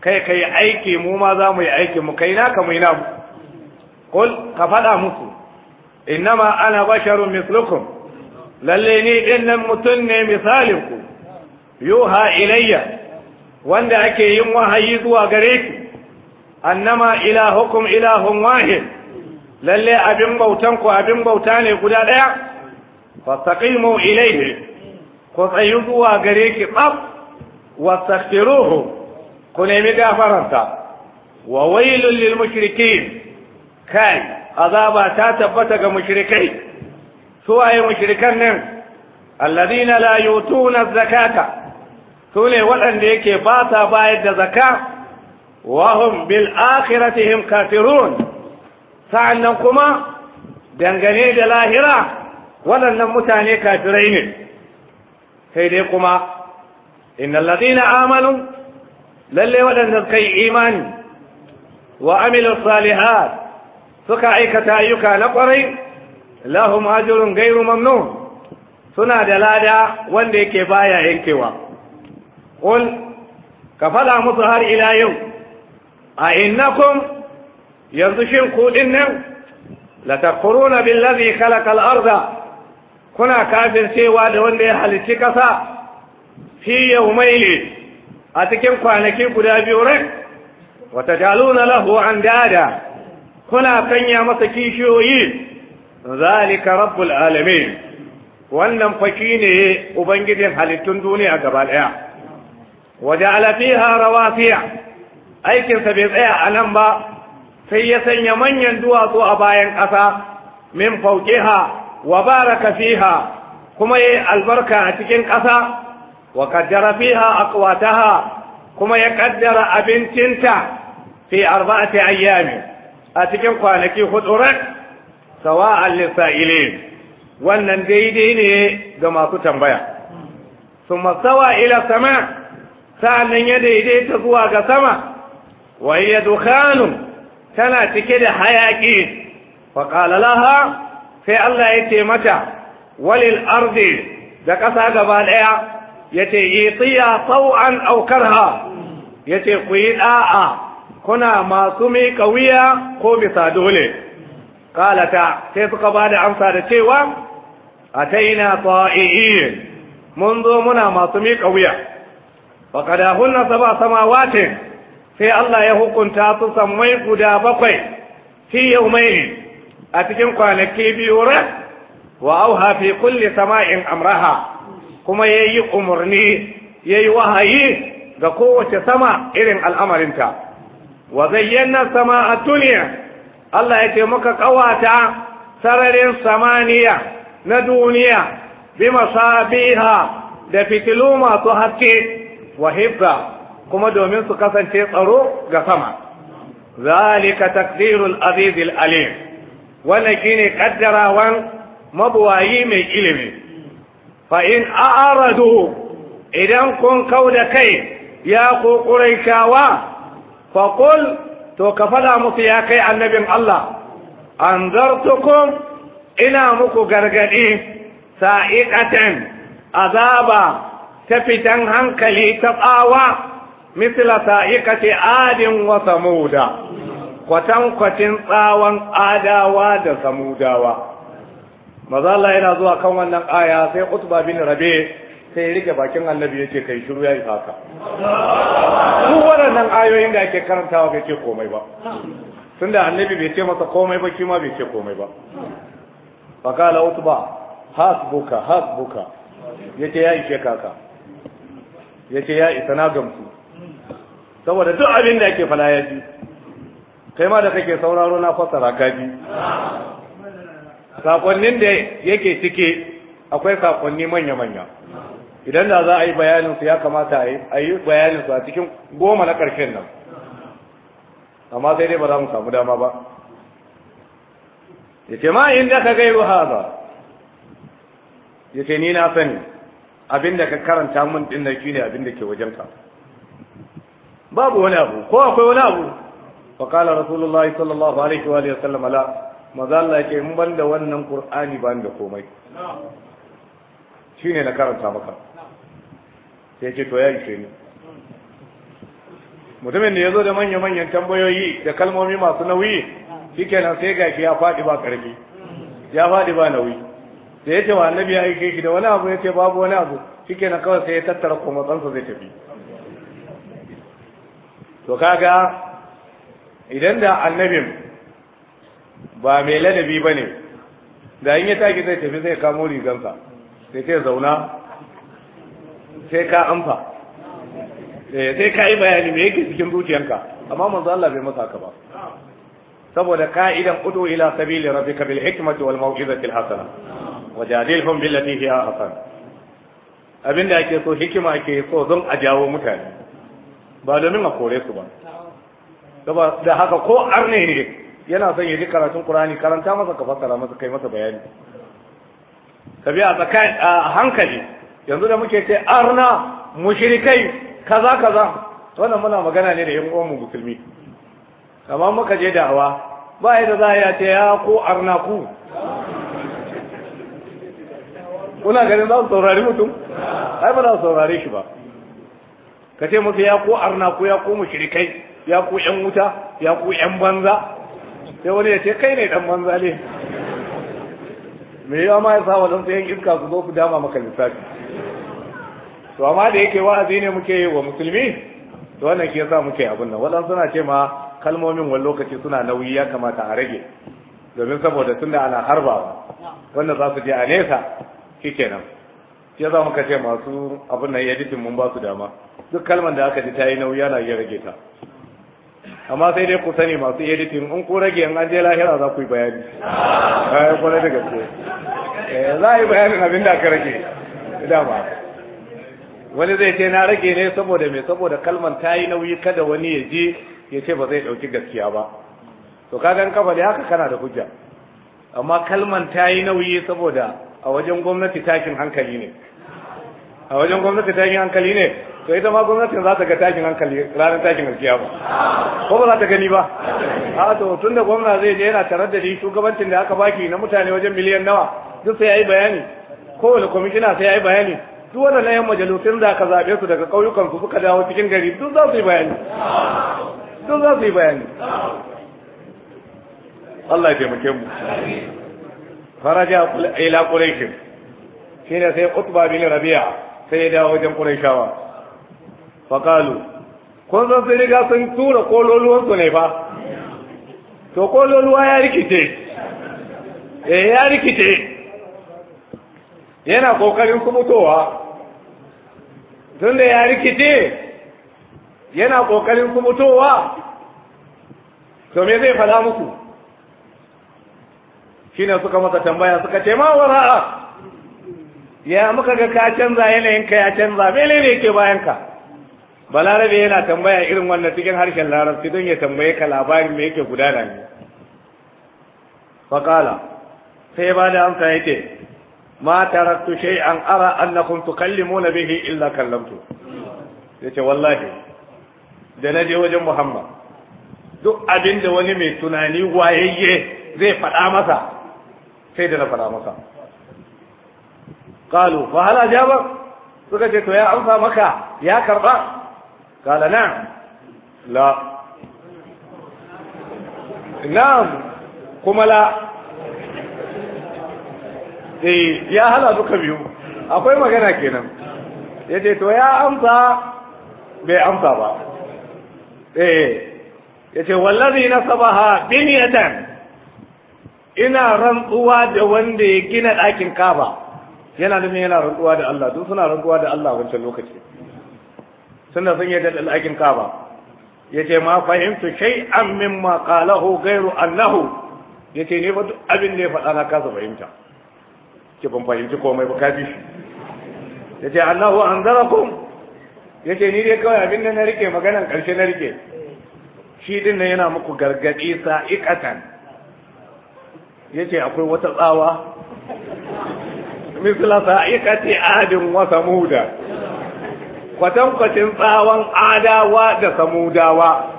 kai kai aiki mu ma za mu yi aiki mu kai naka mu yi namu kul ka faɗa musu innama ana basharun mislukum lalle ni dinnan mutum ne misalin ku yuha ilayya wanda ake yin wahayi zuwa gare Annama annama ilahukum ilahun wahid lalle abin bautan ku abin bauta ne guda ɗaya fastaqimu ilayhi ku tsayu zuwa gare ki tsaf wastaghfiruhu ku nemi gafaranta wa wailul lil mushrikin kai azaba ta tabbata ga mushrikai su waye mushrikan nan alladhina la yutuna zakata su ne waɗanda yake ba bayar da zaka wa hum bil akhiratihim kafirun sa'annan kuma dangane da lahira waɗannan mutane kafirai ne sai dai kuma ina ladina amanu lalle waɗanda suka yi imani wa amilu Salihar suka aikata ayyuka na ƙwarai lahum ajrun gairu mamnun suna da lada wanda yake baya yankewa ƙul ka faɗa musu har ila yau a innakum yanzu shin kuɗin nan la takfuruna billazi khalaqa al-arda kuna cewa da wanda ya halicci kasa fi ne. a cikin kwanaki guda biyu rai wa tajaluna lahu andada kuna sanya masa kishiyoyi zalika rabbul alamin wannan faki ne ubangijin halittun duniya gaba daya wa ja'ala fiha rawasiya aikinsa bai tsaya a nan ba sai ya sanya manyan duwatsu a bayan ƙasa min fauƙiha wa baraka fiha kuma yayi albarka a cikin ƙasa wa qaddara fiha aqwataha kuma ya kaddara abincinta fi arba'ati ayyami a cikin kwanaki hudu rak sawa'an lisa'ilin wannan daidai ne ga masu tambaya summa sawa ila sama nan ya daidaita zuwa ga sama wa hiya dukhanun tana cike da hayaƙi faƙala laha sai Allah ya ce mata walil ardi da ƙasa gaba ɗaya ya ce itiya sau'an aukarha ya ce ku yi ɗa'a kuna masu miƙa wuya ko bisa dole ƙalata sai suka ba da amsa da cewa a taina ta'i'in mun zo muna masu miƙa wuya faƙadahunna sama samawatin sai Allah ya hukunta su sammai guda bakwai fi yaumaini a cikin kwanaki biyu ran wa auha fi kulli sama'in amraha kuma yayi ya yayi wahayi ga kowace sama irin al'amarinta wa zayyana a duniya Allah ya muka kawata sararin samaniya na duniya bi masabiha da fitilu masu haske wa hibba kuma domin su kasance tsaro ga sama zalika takdirul azizil alim wannan shine kaddarawan mabuwayi mai ilimi fa in a'radu idan kun kauda kai ya ku quraishawa fa to ka fada musu ya kai annabin Allah anzartukum ina muku gargadi sa'iqatan azaba ta fitan hankali ta tsawa misla sa'ikati adin wa samuda kwatin tsawon adawa da samudawa maza Allah yana zuwa kan wannan aya sai utba bin rabe sai rike bakin annabi yace kai shiru yayi haka duk waɗannan ayoyin da ake karantawa ga ke komai ba tunda annabi bai ce masa komai ba kima bai ce komai ba fakala utba hasbuka hasbuka yace ya ishe kaka yace ya isa na gamsu saboda duk abin da yake fala ya ji kai ma da kake sauraro na fassara ka ji sakonnin da yake cike akwai sakonni manya-manya idan da za a yi bayanin ya kamata a yi bayanin su a cikin goma na ƙarshen nan amma sai dai ba za mu samu dama ba ya ce ma inda ka gairu haza ya ce ni na sani abin da ka karanta mun ɗin shi ne abin da ke wajenka babu wani abu ko akwai wani abu fa qala rasulullahi sallallahu alaihi wa alihi sallam ala, maza Allah yake mun ban da wannan qur'ani ban da komai shine na karanta maka sai ce to ya yi ni mutumin da ya zo da manya-manyan tambayoyi da kalmomi masu nauyi shikenan sai gashi ya faɗi ba ƙarfi ya faɗi ba nauyi da ya ce wa annabi ya aike shi da wani abu ya ce babu wani abu shikenan kawai sai ya tattara komatsansa zai tafi to kaga idan da annabin ba mai ladabi ba ne da in ya taki zai tafi zai kamo rigansa sai ce zauna sai ka amfa eh, sai ka yi bayani me yake cikin zuciyanka amma manzo Allah bai masa haka ba saboda ka'idan udu ila sabili rabbika bil hikmati wal mau'izati al hasana wajadilhum billati hiya hasan abinda ake so hikima ake so zan a jawo mutane ba domin a kore su ba da haka ko arne ne yana son ya ji karatun Kur'ani karanta masa ka fassara masa kai masa bayani ka biya a hankali yanzu da muke ce arna mushrikai kaza kaza wannan muna magana ne da yan uwan mu musulmi amma muka je da'awa ba yadda za a ya ce ya ko arna ku kuna ganin za su saurari mutum ai ba za su saurare shi ba ka ce masa ya ko arna ko ya ko mushrikai ya ko yan wuta ya ko yan banza sai wani ya ce kai ne dan banza ne me yawa ma ya sa wa yan iska su zo su dama maka lissafi to amma da yake wa'azi ne muke yi wa musulmi to wannan ke yasa muke abin nan waɗansu suna ce ma kalmomin wani lokaci suna nauyi ya kamata a rage domin saboda tunda ana harbawa wanda za su je a nesa shikenan ya za muka ce masu abin nan editin mun ba su dama duk kalmar da aka ji ta yi nauyi yana iya rage ta amma sai dai ku sani masu editin in ku rage in an je lahira za ku yi bayani bayan kwanar da gaske eh, za a yi bayanin abin da aka rage dama wani zai ce na rage ne saboda me saboda kalmar ta yi nauyi kada wani ya je ya ce ba zai ɗauki gaskiya ba to ka gan kafa haka kana da hujja amma kalmar ta yi nauyi saboda a wajen gwamnati tashin hankali ne a wajen gwamnati tashin hankali ne to ita ma gwamnatin za ta ga tashin hankali ranar tashin ba, ko ba za ta gani ba a to tunda gwamna zai je yana tarar da shi shugabancin da aka baki na mutane wajen miliyan nawa duk sai yayi bayani kowane kwamishina sai yayi bayani duk na yan majalisun da aka zaɓe su daga ƙauyukan su suka dawo cikin gari duk za su yi bayani duk za su yi bayani Allah ya taimake mu faraja ila quraish shi ne sai utba bin rabi'a sai ya dawo wajen quraishawa fa qalu kun san sun riga sun tura kololuwan su ne fa to kololuwa ya rikice eh ya rikice yana kokarin kubutowa tun ya rikice yana kokarin kubutowa to me zai faɗa muku shine suka masa tambaya suka ce ma wara'a ya muka ga ka canza yanayin ka ya canza ne yake bayan ka balarabe yana tambaya irin wannan cikin harshen larabci don ya tambaye ka labarin me yake gudana ne faqala sai ba da amsa ce. ma taraktu shay'an ara annakum tukallimuna bihi illa kallamtu yace wallahi da naje wajen Muhammad duk abin da wani mai tunani wayayye zai faɗa masa sai da na faɗa masa qalu ba hala ajaba suka ce to ya amsa maka ya karɓa. qala na? la Na kuma la eh ya hala duka biyu akwai magana kenan Ya ce to ya amsa bai amsa ba eh yace wallazi nasabaha biniyatan ina rantsuwa da wanda ya gina ɗakin kaba yana da yana rantsuwa da Allah duk suna rantsuwa da Allah wancan lokaci suna sun yi da ɗakin kaba Ya ce ma fahimtu shay'an mimma qalahu gairu, annahu ce ne fa duk abin da ya faɗa na kasa fahimta ke ban fahimci komai ba kafi yace annahu Ya ce ni dai kawai abin da na rike maganan ƙarshe na rike shi din nan yana muku gargadi sa'iƙatan Ya ce akwai wata tsawa misla sa'ikati adin wa samuda kwatankwacin tsawon adawa da samudawa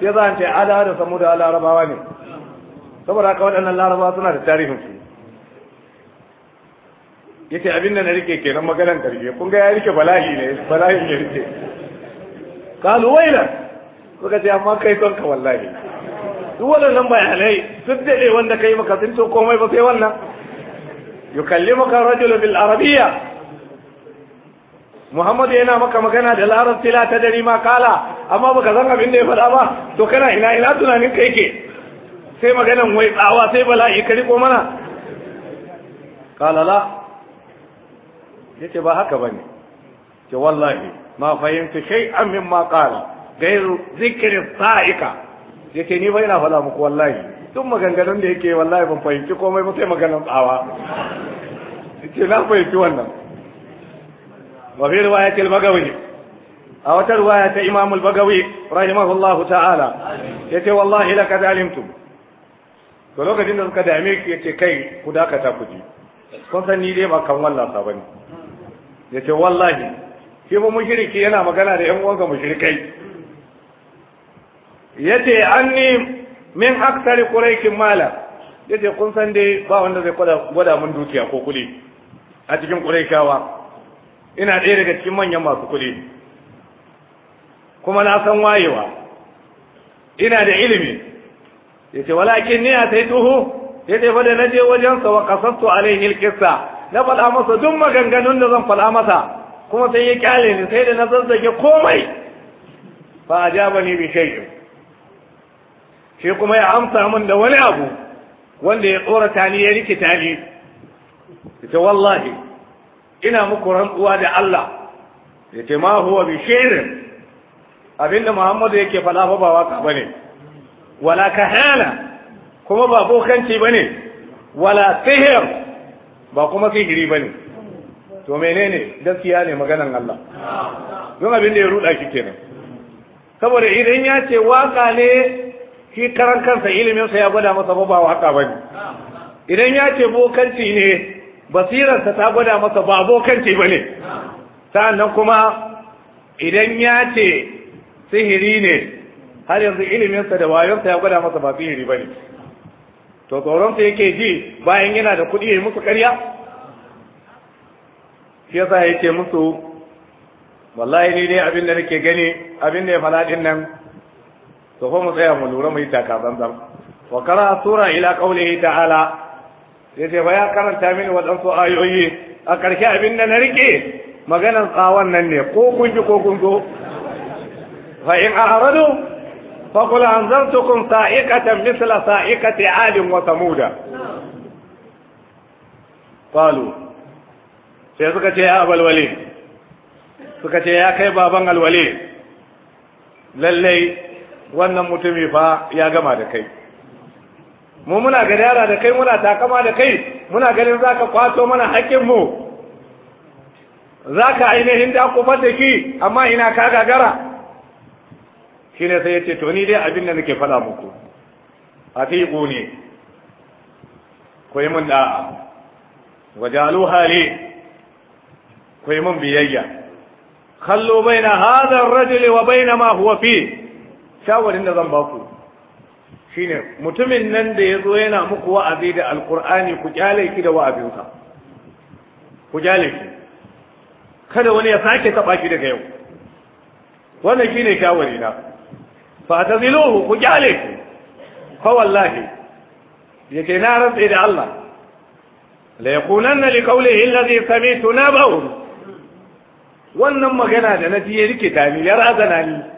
Ya za a ce adawa da samudawa larabawa ne saboda haka waɗannan larabawa suna da tarihin su ce abin da na rike kenan maganan karfe kun ga ya rike bala'i ne bala'i ya rike kalu waila suka ce amma kai son ka wallahi duk waɗannan bayanai duk daɗe wanda kai maka tsinto komai ba sai wannan yukallimuka rajulun bil arabiyya Muhammadu yana maka magana da larabci la ta dari ma kala amma baka san abin da ya faɗa ba to kana ina ina tunanin ka yake sai maganan wai tsawa sai bala'i ka riko mana la yace ba haka bane ce wallahi ma fahimta shay'an mimma qala ghayru dhikri sa'ika yace ni fa ina faɗa muku wallahi tun maganganun da yake wallahi ban fahimci komai ba sai maganar tsawa yace na fahimci wannan wa fi riwayat al-bagawi a wata riwaya ta imam al-bagawi rahimahullahu ta'ala ce wallahi ka dalimtu. to lokacin da suka dame ki yace kai ku dakata ku ji kun san ni dai ba kan wallafa bane yace wallahi shi ba mushriki yana magana da yan uwanka mushrikai yace anni min aksari quraikin mala yace kun san dai ba wanda zai gwada mun dukiya ko kuli a cikin quraikawa ina ɗaya daga cikin manyan masu kuli kuma na san wayewa ina da ilimi yace walakin ni ataituhu yace fa da naje wajen sa wa qasastu alaihi alqissa na faɗa masa duk maganganun da zan faɗa masa kuma sai ya kyale ni sai da na zazzage komai fa ajabani bi shay'in sai kuma ya amsa min da wani abu wanda ya tsorata ni ya rikita ni ita wallahi ina muku rantsuwa da Allah ya ce ma huwa bi shirin abinda Muhammadu yake fada fa ba waka bane wala kahana kuma ba bokanci bane wala sihir ba kuma sihiri bane to menene gaskiya ne maganan Allah don abin da ya ruda shi kenan saboda idan ya ce waka ne shi karan kansa iliminsa ya gwada masa ba haka ba idan ya ce bokanci ne basirarsa ta gwada masa ba bokanci ba ne kuma idan ya ce sihiri ne har yanzu iliminsa da wayonsa ya gwada masa ba sihiri ba ne to tsoronsa yake ji bayan yana da kuɗi ya yi musu ƙarya shi yasa yake musu wallahi ni dai abin da nake gani abin da ya faɗa nan to fa mu tsaya mu lura mu yi zanzan. wa kara sura ila qaulihi ta'ala yace fa ya karanta mini waɗansu ayoyi a ƙarshe abin da na rike maganan tsawon nan ne ko kun ji ko kun go fa in a'radu fa qul anzartukum sa'iqatan misla sa'iqati 'adin wa samuda qalu sai suka ce ya abal suka ce ya kai baban alwali lallai wannan mutumi fa ya gama da kai mu muna ga yara da kai muna takama da kai muna ganin zaka kwato mana hakkin mu zaka ainihin da ku da ki amma ina ka gagara shine sai yace to ni dai abin da nake faɗa muku Atiku ne koyi mun da wajalu hali koyi mun biyayya khallu baina hadha ar-rajuli wa baina ma huwa fihi shawarin da zan baku shine mutumin nan da ya zo yana muku wa'azi da alkur'ani ku kyale ki da wa'azinsa ku kyale ki kada wani ya sake taba ki daga yau wannan shine shawarina na fa taziluhu ku kyale ki fa wallahi yake na rantse da Allah la yakunanna li qawlihi alladhi sami'tu nabahu wannan magana da na ji yake rike ta ni ya razana ni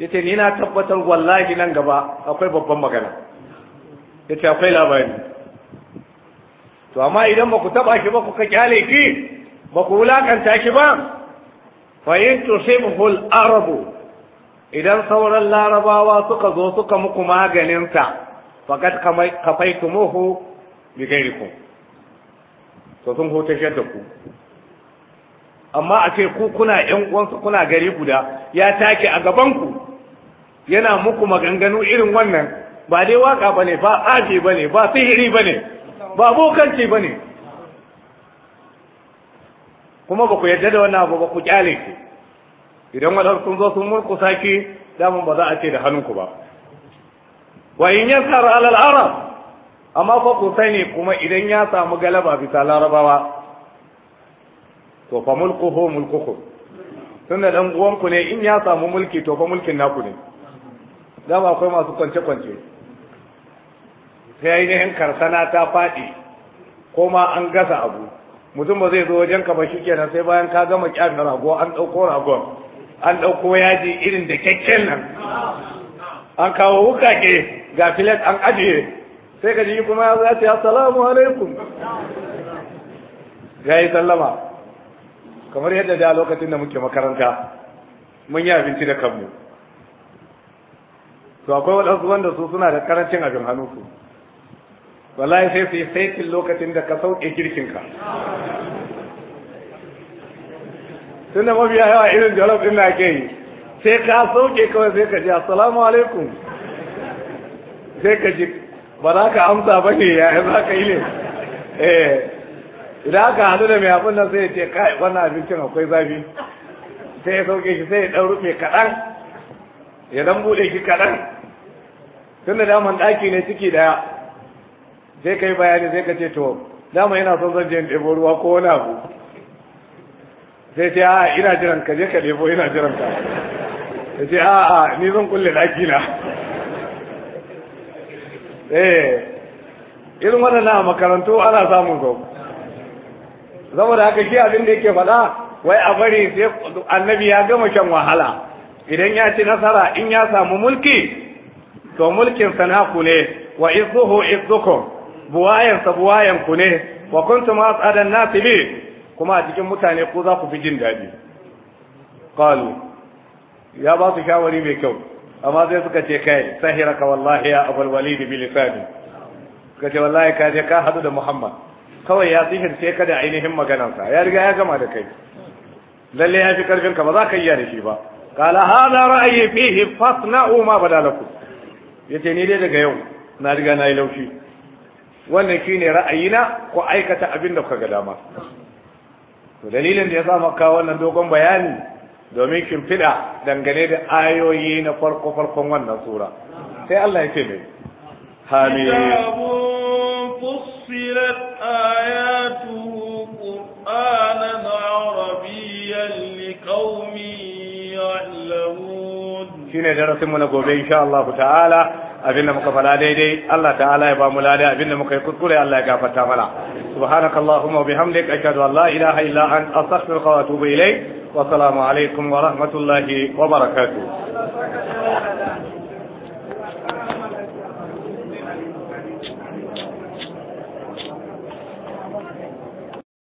yace ni na tabbatar wallahi nan gaba akwai babban magana yace akwai labari to amma idan ba ku taba shi ba ku ka kyale ki ba ku wulakanta shi ba fa sai tusibhu arabu idan sauran larabawa suka zo suka muku maganin sa faqad kafaitumuhu bi ghairikum to sun shi da ku amma a ce ku kuna yan uwansu kuna gari guda ya take a gaban ku yana muku maganganu irin wannan ba dai waka bane ba tsafi bane ba sihiri bane ba bokanci bane kuma ba ku yarda da wannan abu ba ku kyale ki idan wadar sun zo sun murkusa ki daman ba za a ce da hannunku ba wa in yasar alal arab amma fa ku sani kuma idan ya samu galaba bisa larabawa to fa mulkuhu mulkukum tunda dan uwanku ne in ya samu mulki to fa mulkin naku ne dama akwai masu kwance-kwance sai ainihin karsana ta faɗi ko ma an gasa abu mutum ba zai zo wajen ka ba shi sai bayan ka gama kyan rago an ɗauko ragon an ɗauko yaji irin da kyakken nan an kawo wukake ga filet an ajiye sai ka ji kuma ya ce assalamu alaikum ya yi sallama kamar yadda da lokacin da muke makaranta mun yi abinci da kanmu to akwai waɗansu wanda su suna da karancin abin hannu su wallahi sai su yi saitin lokacin da ka sauke girkinka tun da mabiya yawa irin jalof ɗin na ke yi sai ka sauke kawai sai ka ji assalamu alaikum sai ka ji ba za ka amsa ba ne ya za ka yi ne eh idan aka haɗu da mai abin nan sai ya ce kai wannan abincin akwai zafi sai ya sauke shi sai ya ɗan rufe kaɗan ya dan bude shi kaɗan tunda daman ɗaki ne ciki ɗaya sai ka yi bayani sai ka ce to dama yana son zan je in ɗebo ruwa ko wani abu sai ce a'a ina jiran ka je ka ɗebo ina jiran ka ya ce a'a ni zan kulle ɗaki na eh irin waɗannan a makarantu ana samun su saboda haka shi abin da yake faɗa wai a bari sai annabi ya gama shan wahala idan ya ci nasara in ya samu mulki to mulkin ku ne wa izuhu izuku buwayan sa buwayan ku ne wa kuntum asadan nasibi kuma a cikin mutane ku za ku fi jin daɗi qalu ya ba su shawari mai kyau amma sai suka ce kai sahiraka wallahi ya abul walid bi lisani suka ce wallahi ka je ka hadu da muhammad kawai ya sihirce ka da ainihin maganarsa ya riga ya gama da kai lalle ya fi karfin ka ba za ka iya da shi ba قال هذا رأيي na فاصنعوا ما بدا yace ni dai daga yau na riga na yi laushi wannan shine ra'ayina ko aikata abin da kuka ga dama to dalilin da ya sa maka wannan dogon bayani domin kin fida dangane da ayoyi na farko farkon wannan sura sai Allah ya ce mai hamid fussilat ayatu qur'ana arabiyyan liqaumin يعلمون شنو درس من gobe insha Allah ta'ala abinda muka fala daidai Allah ta'ala ya ba mu lada abinda muka yi kuskure mana سبحانك اللهم وبحمدك أشهد أن لا إله إلا أنت أستغفرك وأتوب إليك والسلام عليكم ورحمة الله وبركاته